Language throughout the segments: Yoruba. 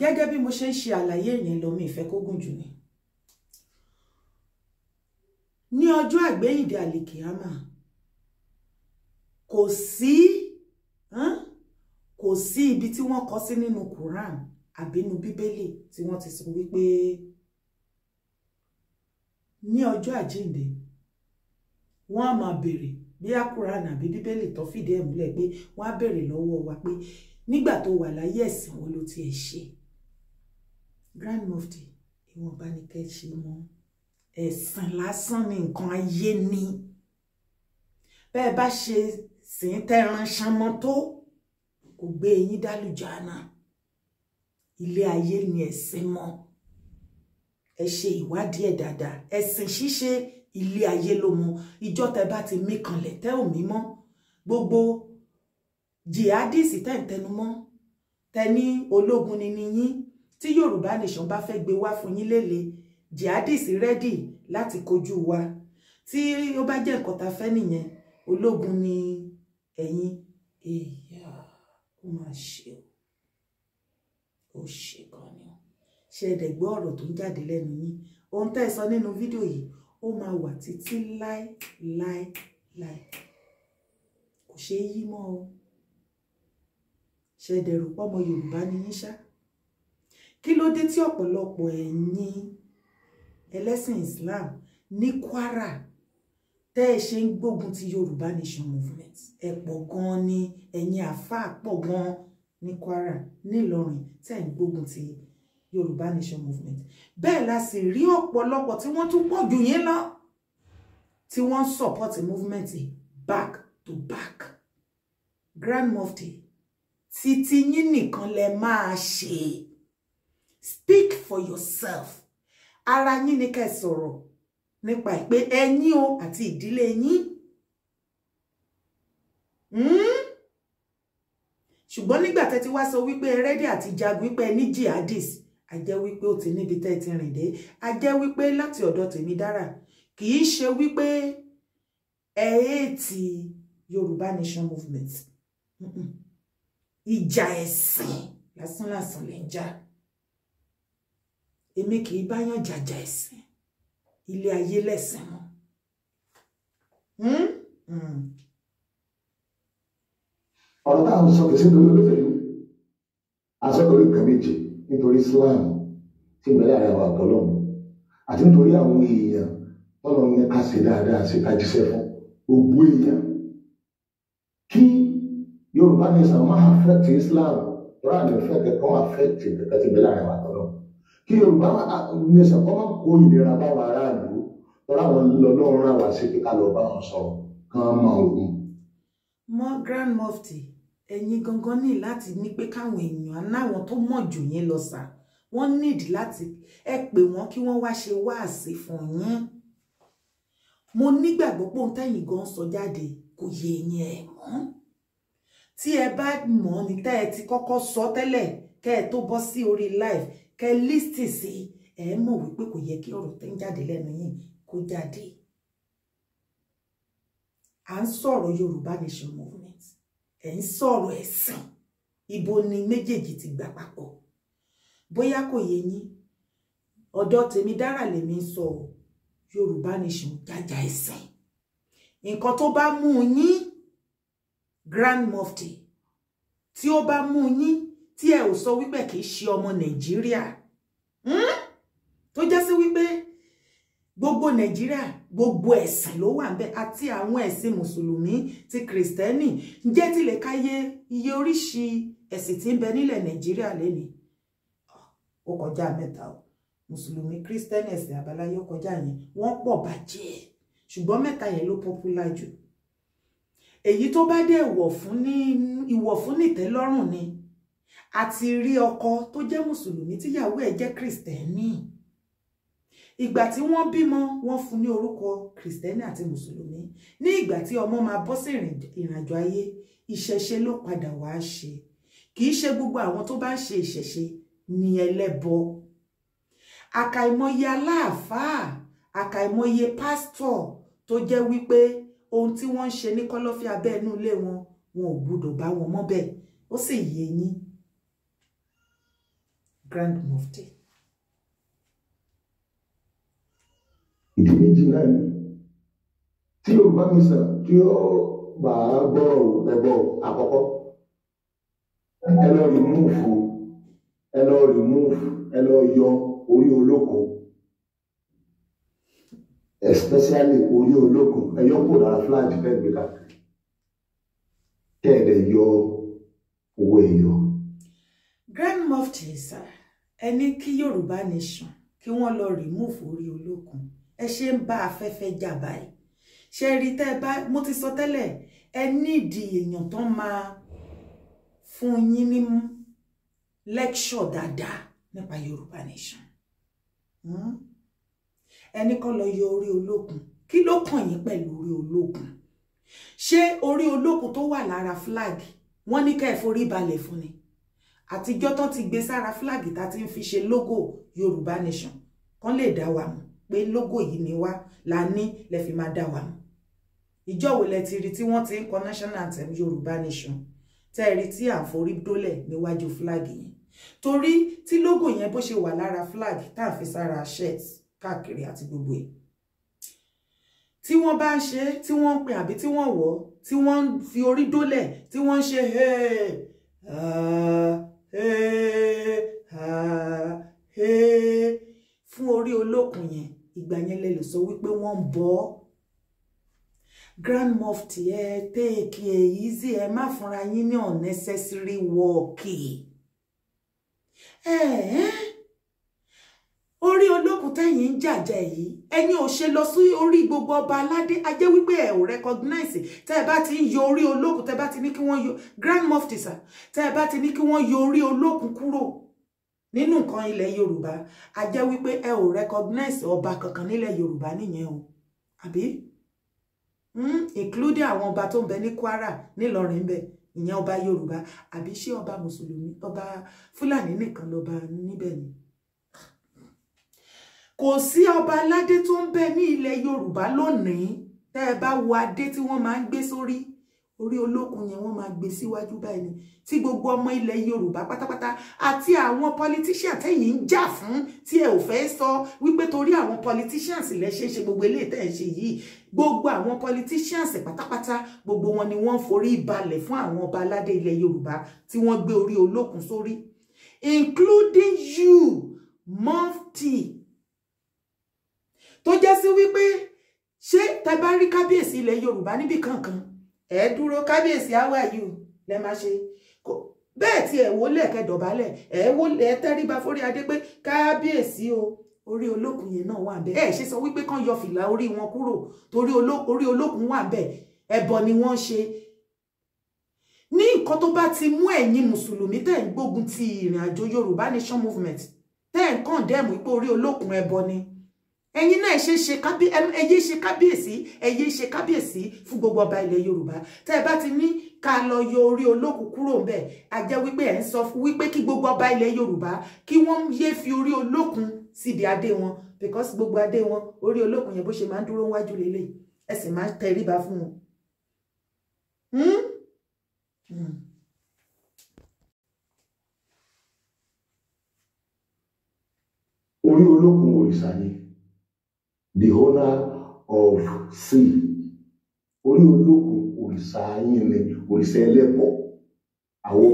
gẹ́gẹ́ bí mo ṣe ń ṣe àlàyé yẹn lọ mi ìfẹ́ kó gùn jù ni ní ọjọ́ àgbéyìnde àlìkìámà kò sí kò sí ibi tí wọ́n kọ sí nínú Quran àbínú bíbélì tí wọ́n ti sọ wípé ní ọjọ́ àjíǹde wọ́n á máa béèrè bí Quran àbí bíbélì tó fìdí ẹ̀ múlẹ̀ pé wọ́n á béèrè lọ́wọ́ wa pé nígbà tó wà láyé ẹ̀sìn wo ló tiẹ̀ ṣe grand mufti ìwọ̀nba ni kẹ́ ẹ ṣe mọ́ ẹ̀sìn lásán ni nǹkan ayé ni bẹ́ẹ̀ bá ṣe sì ń tẹ́ran ṣanmọ́ tó kò gbé eyín dálùjáná ilé ayé ni ẹ̀sìn mọ́ ẹ ṣe ìwádìí ẹ̀ dáadáa ẹ̀sìn ṣíṣe ilé ayé ló mọ ìjọ tẹ bá ti mí kanlẹ̀ tẹ́ ò mí mọ́ gbogbo jihadis tẹ́ ń tẹnu mọ́ tẹ ní ológun ni ni yín tí Yorùbá nation bá fẹ́ gbé wá fún yín lélẹ̀ jihadis rẹ́dì láti kojú wa tí ó bá jẹ́ nǹkan ta fẹ́ nìyẹn ológun ni ẹ̀yin ìyá ó máa ṣe ó ṣe gan ni ṣe ẹ̀dẹ̀ gbọ́ ọ̀rọ̀ tó ń jáde lẹ́nu yín ohun tẹ́ ẹ sọ nínú fídíò yìí ó máa wà títí láé láé láé kò ṣeé yí o ṣe ẹ̀dẹ̀ rò pọ́ ọmọ ni yín ṣáá kí ló dé tí ọ̀pọ̀lọpọ̀ ẹ̀yin ẹlẹ́sìn Islam ní Kwara tẹ́ ẹ ṣe ń gbógun ti Yorùbá Nation Movement ẹ pọ̀ gan ni ẹ̀yin àáfàá pọ̀ gan ní Kwara nílọrin tẹ́ ẹ ń gbógun ti Yorùbá Nation Movement bẹ́ẹ̀ la sì rí ọ̀pọ̀lọpọ̀ tí wọ́n tún pọ̀ jù yín lọ tí wọ́n ń support movement back to back Grand Mufti títí yín nìkan lẹ máa ṣe speak for yourself ara yín ni kẹ́ sọ̀rọ̀ nípa ìpè ẹ̀yin o àti ìdílé yín hmm? ṣùgbọ́n nígbà tẹ́ ti wá sọ wípé ẹrẹ́dì àti jagun wípé ẹni jihadis a jẹ́ wípé ó ti níbi tẹ́ ti rìn dé a jẹ́ wípé láti ọ̀dọ̀ tèmi dára kì í ṣe wípé ẹ èètì Yorùbá Nation Movement ìjà ẹ̀sìn lásánlàsàn lè ń jà èmi kì í báyàn jàjà ẹ̀sìn ilé ayé lẹ́sìn mọ́ hmm? Hmm. ọ̀rọ̀ tá à ń sọ kìí sí lórí olóṣèlú asọ́kọ̀ọ́lù kan méje nítorí Islam tí ìgbẹ́lẹ̀ ààrẹ àwọn àtọ́lọ́mù àti nítorí àwọn èèyàn tọ́lọ́ ní ká ṣe dáadáa ṣe ká jíṣẹ́ fún gbogbo èèyàn kí Yorùbá ní sàn máa affect Islam rárá ní ìfẹ́ kẹ̀kọ́ affect kẹ̀kẹ́ tí ìgbẹ́lẹ̀ ààrẹ àwọn àtọ́lọ́mù kí yorùbá nation kọ́ máa kó ìlera báwọn aráàlú lọ́la wọn lọ́lọ́run ra wá sí pé ká lọ bá wọn sọ̀rọ̀ kán mọ òun. mọ grand mufti ẹ̀yin gangan ní láti ní pé káwọn èèyàn aláwọn tó mọ̀ jù yín lọ sà wọ́n nídìí láti ẹ pè wọ́n kí wọ́n wá ṣe wáàsí fún yín mo nígbàgbọ́ pé ohun tẹ́yìn gan sọ jáde kò yé yín ẹ̀ mọ́ tí ẹ bá mọ̀ ní tẹ́ ẹ ti kọ́kọ́ sọ tẹ́lẹ̀ kẹ́ ẹ tó bọ́ sí orí live kẹ́ lísì sí ẹ mọ̀ wípé kò yẹ kí ọ̀rọ̀ tẹ́ ń jáde lẹ́nu yìí kó jáde à ń sọ̀rọ̀ Yorùbá Nation Movement ẹ̀ ń sọ̀rọ̀ ẹ̀sìn ibo ni méjèèjì ti gbà papọ̀ bóyá kò yé yín ọ̀dọ̀ tèmi dára lèmi ń sọ Yorùbá Nation jájà ẹ̀sìn nǹkan tó bá mú yín Grand Mufti tí ó bá mú yín tí ẹ ò sọ wípé kì í ṣe ọmọ nàìjíríà hmm? tó já sí wípé gbogbo nàìjíríà gbogbo ẹ̀sìn ló wà ńbẹ̀ àti àwọn ẹ̀sìn mùsùlùmí ti kìrìsìtẹ́nì ǹjẹ́ tilẹ̀ káyé iye oríṣi ẹ̀sìn tí ń bẹ nílẹ̀ nàìjíríà lẹ́nìí ó kọjá mẹ́ta o mùsùlùmí kìrìsìtẹ́nì ẹ̀sìn àbáláyé ó kọjá yẹn wọ́n pọ̀ bàjẹ́ ṣùgbọ́n mẹ́ta yẹn ló pọ́pùlà jù èyí tó bá dé ìwọ̀ fún ní ìtẹ́lọ́rùn ni àti rí ọkọ tó jẹ́ mùsùlùmí tíyàwó ẹ̀ jẹ́ kìrìsìtẹ́nì ìgbà tí wọ́n bímọ wọ́n fún ní orúkọ kìrìsìtẹ́nì àti mùsùlùmí ní ìgbà tí ọmọ máa bọ́ sí ìrìnàjò ayé ìṣẹ̀ṣe ló padà wá ṣe kì í ṣe gbogbo àwọn tó bá ń ṣe ìṣẹ̀ṣe ni ẹlẹ́bọ àkàìmọye aláàfáà àkàìmọye pásítọ̀ tó jẹ́ wípé ohun tí wọ́n ń ṣe ní kọ́lọ́fíà bẹ́ẹ̀ nú ilé wọn wọn ò gbúdọ̀ bá wọn mọ́ bẹ́ẹ̀ ó sì yé yín grand mufti. ìdí méjì náà ni tí yorùbá mi sàn tí ó bá a gbọ́rọ̀ ẹ̀bọ̀ àkọ́kọ́ ẹ lọ rìmúùfù ẹ lọ rìmúùfù ẹ lọ yọ orí olóko especially orí olóko ẹ yọ kó lára flag fẹ́ gbé káàkiri kẹ́ ẹ̀ dẹ̀ yọ owó ẹ̀ Grand Mufti, sir ẹ ní kí yorùbá nation kí wọ́n lọ rìmúfù orí olókun ẹ ṣe ń bá afẹ́fẹ́ jà báyìí ṣe rí tẹ́ ẹ bá mo ti sọ tẹ́lẹ̀ ẹ nídìí èèyàn tán máa fún yín ní lẹ́kṣọ̀ dáadáa nípa yorùbá nation hmm? ẹni kọ́ lọ yọ orí olókun kí ló kàn yín pẹ̀lú orí olókun ṣé orí olókun tó wà lára flag wọ́n ní ká ẹ forí balẹ̀ fún ni àtijọ́ tán ti gbé sára fúláàgì tá ti ń fi ṣe lógò yorùbá nation kán lè dá wa mọ̀ pé lógò yìí ni wá la ní lẹ fi máa dá wa mọ̀ ìjọ wo lẹ ti rí tí wọ́n ti ń kọ national anthem yorùbá nation tẹ́ ẹ rí tí à ń forí dólẹ̀ níwájú fúláàgì yẹn torí tí lógò yẹn bó ṣe wà lára fúláàgì tá à ń fi sára shirt káàkiri àti gbogbo ẹ̀ tí wọ́n bá ń ṣe tí wọ́n ń pè àbí tí wọ́n wọ̀ tí wọ́n fi orí dólẹ̀ tí wọ́n ń ṣe ẹ̀ẹ́ ah, olókun yẹn ìgbà yẹn lè lè sọ wípé wọ́n ń bọ́ ọ́ grand mufti ẹ téèkì ẹ easy ẹ má fúnra yín ní unnecessary work ẹ ẹ orí olókun tẹ̀yìn ń jàjà yìí ẹ̀yin ò ṣe lọ sí orí gbogbo ọba aládé ajẹ wípé ẹ ò recognize tẹ ẹ bá ti ń yọ orí olókun tẹ ẹ bá ti ní kí wọ́n yọ grand mufti sir tẹ ẹ bá ti ní kí wọ́n yọ orí olókun kúrò nínú nǹkan ilẹ̀ yorùbá a jẹ́ wípé ẹ ò recognize ọba kankan nílẹ̀ yorùbá nìyẹn o àbí mm, including àwọn ọba tó ń bẹ ní kwara nílọrin bẹ ìyẹn ọba yorùbá àbí ṣé ọba mùsùlùmí ọba fúlàní nìkan lọba níbẹ̀ ni kò sí ọba aládé tó ń bẹ ní ilẹ̀ yorùbá lónìí tẹ́ ẹ bá wo adé tí wọ́n máa ń gbé sórí orí olókun yẹn wọ́n máa gbé síwájú báyìí ni tí gbogbo ọmọ ilẹ̀ yorùbá pátápátá àti àwọn politician tẹ̀yìn ń jà fún tí ẹ ò fẹ́ sọ wípé torí àwọn politicians lẹ ṣe ṣe gbogbo eléyìí tẹ̀ ń ṣe yìí gbogbo àwọn politicians pátápátá gbogbo wọn ni wọ́n forí balẹ̀ fún àwọn ọba aládé ilẹ̀ yorùbá tí wọ́n gbé orí olókun sórí including you mufti tó jẹ́ sí wípé ṣé tẹ bá rí kábíyèsí ilẹ̀ yorùbá níbi kankan ẹ dúró kábíyèsí how are you lẹ máa ṣe bẹ́ẹ̀ tí ẹ wọlé kẹdọ̀bálẹ̀ ẹ wọlé ẹ tẹríba forí adé pé kábíyèsí o orí olókùn yẹn náà wà bẹ́ẹ̀ ẹ ṣe sọ wípé kán yọ fìlà orí wọn kúrò torí orí olókùn wà bẹ́ẹ̀ ẹbọ ni wọ́n ṣe ní nǹkan tó bá ti mú ẹ̀yin mùsùlùmí tẹ́ ń gbógun ti ìrìn àjò Yorùbá Nation Movement tẹ́ ń kàn dẹ́mu pé orí olókùn ẹbọ ni ẹ̀yin náà ṣe ṣe kábíyèsí ẹyẹ ṣe kábíyèsí ẹyẹ ṣe kábíyèsí fún gbogbo ọba ilẹ̀ yorùbá tẹ́ ẹ bá ti ní ká lọ yọ orí olókùn kúrò ń bẹ̀ a jẹ́ wípé ẹ̀ ń sọ wípé kí gbogbo ọba ilẹ̀ yorùbá kí wọ́n yéé fi orí olókùn síbi adé wọn because gbogbo adé wọn orí olókùn yẹn bó ṣe máa ń dúró wájú lélẹ̀ ẹ sì máa ń tẹríba fún wọn. Hmm? Hmm. orí olókùn òrìṣà ni the owner of sea onye olókun òrìṣà yín ni òrìṣà ẹlẹ́bọ àwọ.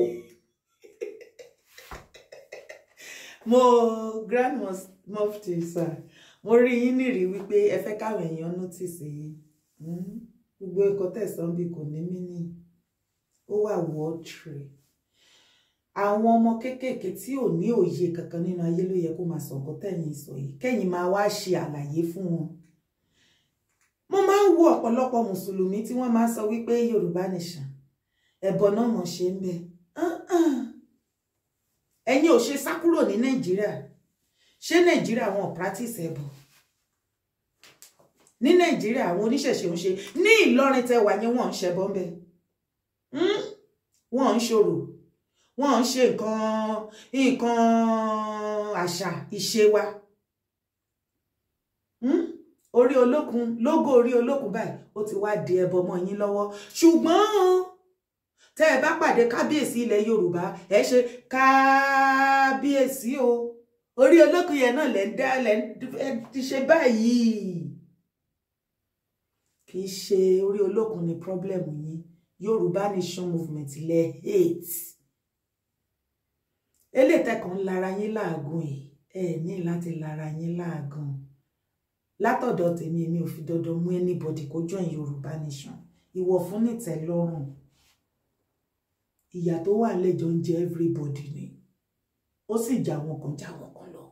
mo grand mufti sir mo rí yín nírì wípé ẹ fẹ́ káwọn èèyàn nọ́tìsì yín hmm? gbogbo ẹ̀kọ́ tẹ̀sán bí kò ní mí nì ó wà wọ́ọ̀tìrì. àwọn ọmọ kéékèèké tí ò ní òye kankan nínú ayé ló yẹ kó máa sọ nǹkan tẹ̀yìn sọ yìí kẹ́yìn máa wá ṣe àlàyé fún wọn mo máa ń wo ọ̀pọ̀lọpọ̀ mùsùlùmí tí wọ́n máa ń sọ wípé yorùbá nìṣàn ẹ̀bọ náà mọ̀ ṣe ń bẹ ẹ̀yin ò ṣe sá kúrò ní nàìjíríà ṣé nàìjíríà wọn practice ẹ̀bọ ní nàìjíríà àwọn oníṣẹ̀ṣe ń ṣe ní ìlọrin tẹwà yẹn wọ́n ń ṣẹbọ ń bẹ wọ́n ń ṣòro wọ́n ń ṣe nǹkan nǹkan àṣà ìṣe wa hmm? orí olókun lógo orí olókun báyìí ó ti wá di ẹbọ mọ́ yín lọ́wọ́ ṣùgbọ́n tẹ́ ẹ bá pàdé kábíyèsí ilẹ̀ yorùbá ẹ ṣe kábíyèsí o orí olókun yẹn náà lẹ ń dá lẹ ń ti ṣe báyìí kì í ṣe orí olókun ni problem yín yorùbá nation movement lẹ hate elétẹkàn lára yín láàgùn yìí ẹ ní láti lára yín láàgùn látọ̀dọ̀ tèmi èmi ò fi dandan mú anybody kó join Yorùbá Nation ìwọ fún nìtẹ́lọ́rùn ìyà tó wà lẹ́jọ́ ń jẹ everybody ni ó sì jà wọn kan jà wọn kan lọ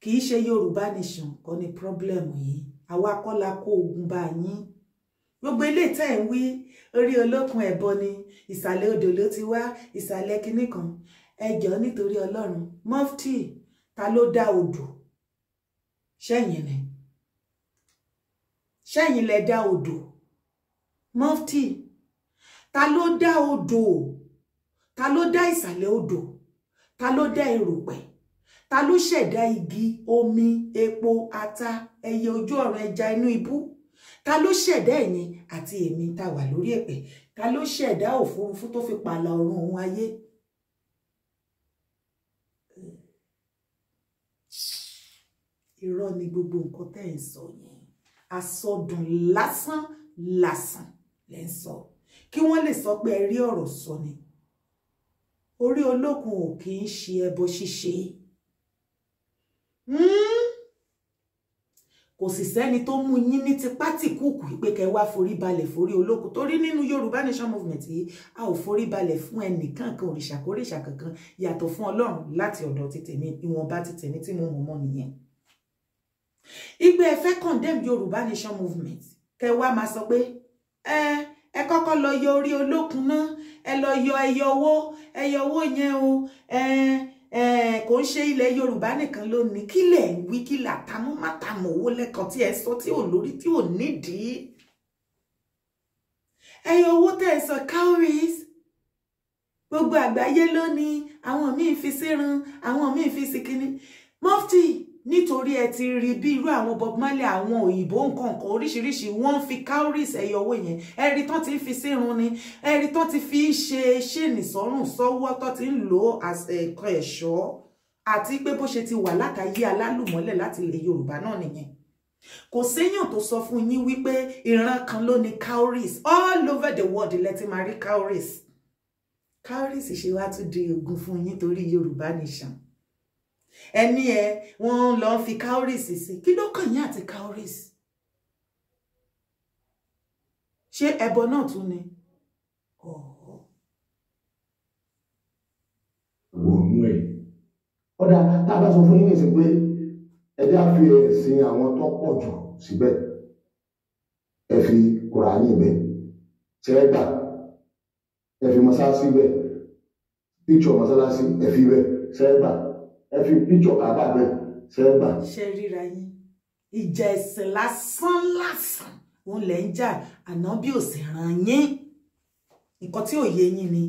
kì í ṣe Yorùbá Nation kọ́ ni problem yìí àwa kọ́ la kó ogun bá yín gbogbo ilé tẹ́ ń wí orí olókun ẹ̀bọ ni ìsàlẹ̀ odò ló ti wá ìsàlẹ̀ kinní kan ẹjọ́ nítorí ọlọ́run mọ́fítì ta ló dá odò ṣẹ́yìn ni ṣẹ́yìn lẹ dá odò mọ́fítì ta ló dá odò ta ló dá ìsàlẹ̀ odò ta ló dá erùpẹ̀ ta ló ṣẹ̀dá igi omi epo ata ẹyẹ ojú ọ̀run ẹja inú ibú ta ló ṣẹ̀dá ẹ̀yin àti èmi tá wà lórí ẹ̀pẹ̀ ta ló ṣẹ̀dá òfurufú tó fi pààlà ọ̀run òun ayé irọ́ ni gbogbo nǹkan tẹ́ ń sọ yẹn asọdùn lásán lásán lẹ́ ń sọ kí wọ́n lè sọ pé ẹ rí ọ̀rọ̀ sọ ni orí olókun ò kì í ṣe ẹbọ ṣíṣe. Mm kò sì sẹ́ni tó mú yín ní tipátìkùkù pé kẹ wá forí balẹ̀ forí olókùn torí nínú Yorùbá Nation Movement yìí a ò forí balẹ̀ fún ẹnìkankan òrìṣàkóríṣà kankan yàtọ̀ fún Ọlọ́run láti ọ̀dọ̀ títẹ̀ mi ìwọ̀nba títẹ̀ mi tí mo mọ̀ mọ́ nìyẹn. ìgbẹ́ ẹ fẹ́ condemn Yorùbá Nation Movement kẹ wá máa sọ pé ẹ ẹ kọ́kọ́ lọ yọ orí olókùn náà ẹ lọ yọ ẹyọ owó ẹyọ owó yẹn o ẹ. Eh, Eh, kò ń ṣe ilẹ̀ yorùbá nìkan ló ní kílẹ̀ ń wí kílẹ̀ àtàmúmátàmù owó lẹ́kan tí ẹ sọ tí ò lórí tí ò nídìí ẹyọ owó tẹ́ ẹ sọ cowries gbogbo àgbáyé ló àwọn míì fi sírun àwọn míì fi sìkínní mọ́fìtì nítorí ẹ ti rí bí irú àwọn Bob Marley àwọn òyìnbó nǹkankan oríṣiríṣi wọ́n ń fi cowries ẹyọ owó yẹn ẹ̀rí tán ti fi sírun ni ẹ̀rí tán ti fi ń ṣe ṣéènì sọ́rùn sọ́wọ́ tán ti ń lò ó ẹ̀kọ́ ẹ̀ṣọ́ àti pé bó ṣe ti wà látàyé alálùmọ́lẹ̀ láti ilẹ̀ Yorùbá náà nìyẹn kò séèyàn tó sọ fún yín wípé ìran kan ló ní cowries all over the world lẹ ti máa rí cowries cowries ṣe wá tún di ogun fún yín torí Yorùbá nìṣàn ẹni ẹ wọ́n lọ fi cowries sí kí ló kàn yín àti cowries ṣé ẹbọ náà tún ni ọ̀ọ́. wọnú ẹ ọ̀dà tá a bá sọ fún yín nìsín pé ẹjẹ́ á fi ẹ̀sìn àwọn tó pọ̀ jù síbẹ̀ ẹ fi kùránì bẹ́ẹ̀ tẹ́ẹ̀dà ẹ fi mọ́sálásí bẹ́ẹ̀ píṣọ̀ mọ́sálásí ẹ fi bẹ́ẹ̀ tẹ́ẹ̀dà ẹ fi píjọ kábà bẹ ṣe gbà. ṣe ríra yín ìjà ẹ̀sìn lásán lásán òun lẹ̀ ń jà ànábì ò sì ràn yín nǹkan tí ò yín ni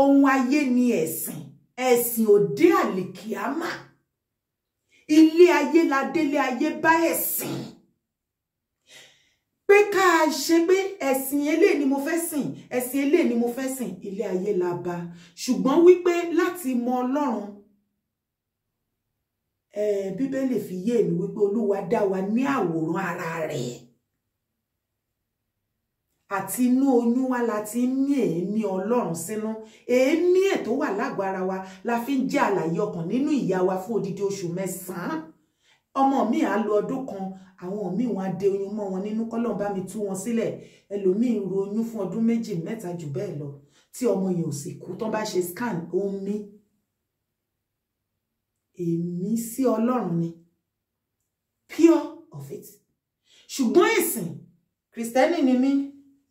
ohun ayé ni ẹ̀sìn ẹ̀sìn òde àlìkíámà ilé ayé la délé ayé bá ẹ̀sìn pé ká a ṣe pé ẹ̀sìn eléyìí ni mo fẹ́ sìn ẹ̀sìn eléyìí ni mo fẹ́ sìn ilé ayé la bá ṣùgbọ́n wípé láti mọ Ọlọ́run bíbélì fi yé mi wípé olúwa dá wa ní àwòrán ara rẹ̀ àti inú oyún wa la ti ń mí èémí ọlọ́run sínú èémí ẹ̀ tó wà lágọ̀ ara wa la fi ń jẹ́ àlàyé ọkàn nínú ìyá wa fún odidi oṣù mẹ́sàn-án ọmọ mi à ń lo ọdún kan àwọn míì wọn á de oyún mọ́ wọn nínú kọ́lọ́n bá mi tú wọn sílẹ̀ ẹlòmíì ro oyún fún ọdún méjì mẹ́ta jù bẹ́ẹ̀ lọ tí ọmọ yẹn ò sì kú tán bá ṣe scan ó ń èmi sí ọlọ́run ni pure of it ṣùgbọ́n ìsìn kìrìsìtẹ́nì ni mí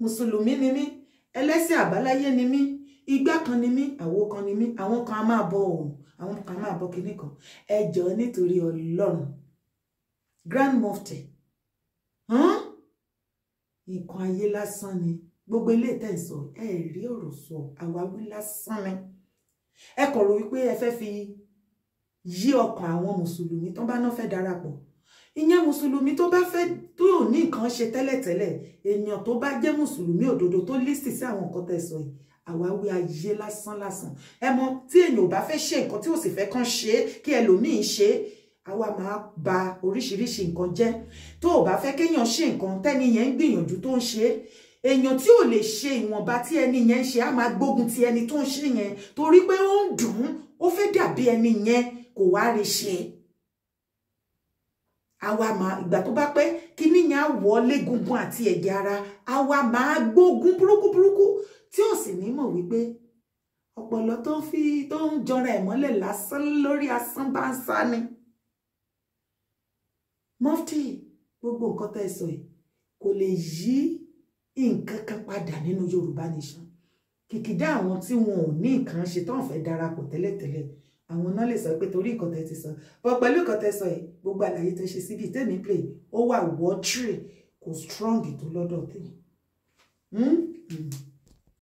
mùsùlùmí ni mí ẹlẹ́sìn àbáláyé ni mí igbá kan ni mí àwo kan ni mí àwọn kan a máa bọ òun àwọn kan a máa bọ kinní kan ẹ nítorí ọlọ́run grand mufti nǹkan ayé lásán ni gbogbo ilé ìtẹ̀sán ẹ rí ọ̀rọ̀ sọ àwáwí lásán ni ẹ kọ̀ rò wípé ẹ fẹ́ fi yí ọkàn àwọn mùsùlùmí tó bá náà fẹ́ darapọ̀ ìyẹn mùsùlùmí tó bá fẹ́ tó ò ní nǹkan ṣe tẹ́lẹ̀tẹ́lẹ̀ èèyàn tó bá jẹ́ mùsùlùmí òdodo tó lísì sí àwọn nǹkan tẹ̀sọ̀ yìí àwáwí ayé lásán lásán ẹ mọ̀ tí èèyàn ò bá fẹ́ ṣe nǹkan tí ò sì fẹ́ kán ṣe kí ẹlòmíín ṣe àwa máa ba oríṣiríṣi nǹkan jẹ́ tó ò bá fẹ́ kéèyàn ṣe nǹkan tẹ́ni yẹn ń gbìyànjú tó ń ṣe é èèyàn tí ò lè ṣe ìwọ̀nba tí ẹni yẹn ń ṣe á máa gbógun ti ẹni tó ń ṣe yẹn torí pé ó ń dùn ún ó fẹ́ dàbí ẹni yẹn kò wá rí ṣe àwa máa ìgbà tó bá pẹ́ kíní yẹn á wọ̀ légungun àti ẹ̀jẹ̀ ara àwa máa gbógun burúkú burúkú tí ò sì ní mọ̀ wípé ọpọlọ tó ń fi tó ń jọra ẹ̀ lásán lórí asán bá ń sá ni mọ́fítì gbogbo nǹkan tẹ́ sọ yìí kò lè yí nǹkan kan padà nínú Yorùbá nation kìkìdá àwọn tí wọn ò ní nǹkan ṣe tán fẹ́ darapọ̀ tẹ́lẹ̀tẹ́lẹ̀ àwọn náà lè sọ pé torí nǹkan tẹ́ ti sọ bọ́ pẹ̀lú nǹkan tẹ́ sọ yìí gbogbo àlàyé tẹ́ ṣe síbi tèmi play ó wà wọ́tírì kò strong tó lọ́dọ̀ tèmi. Hmm? Hmm.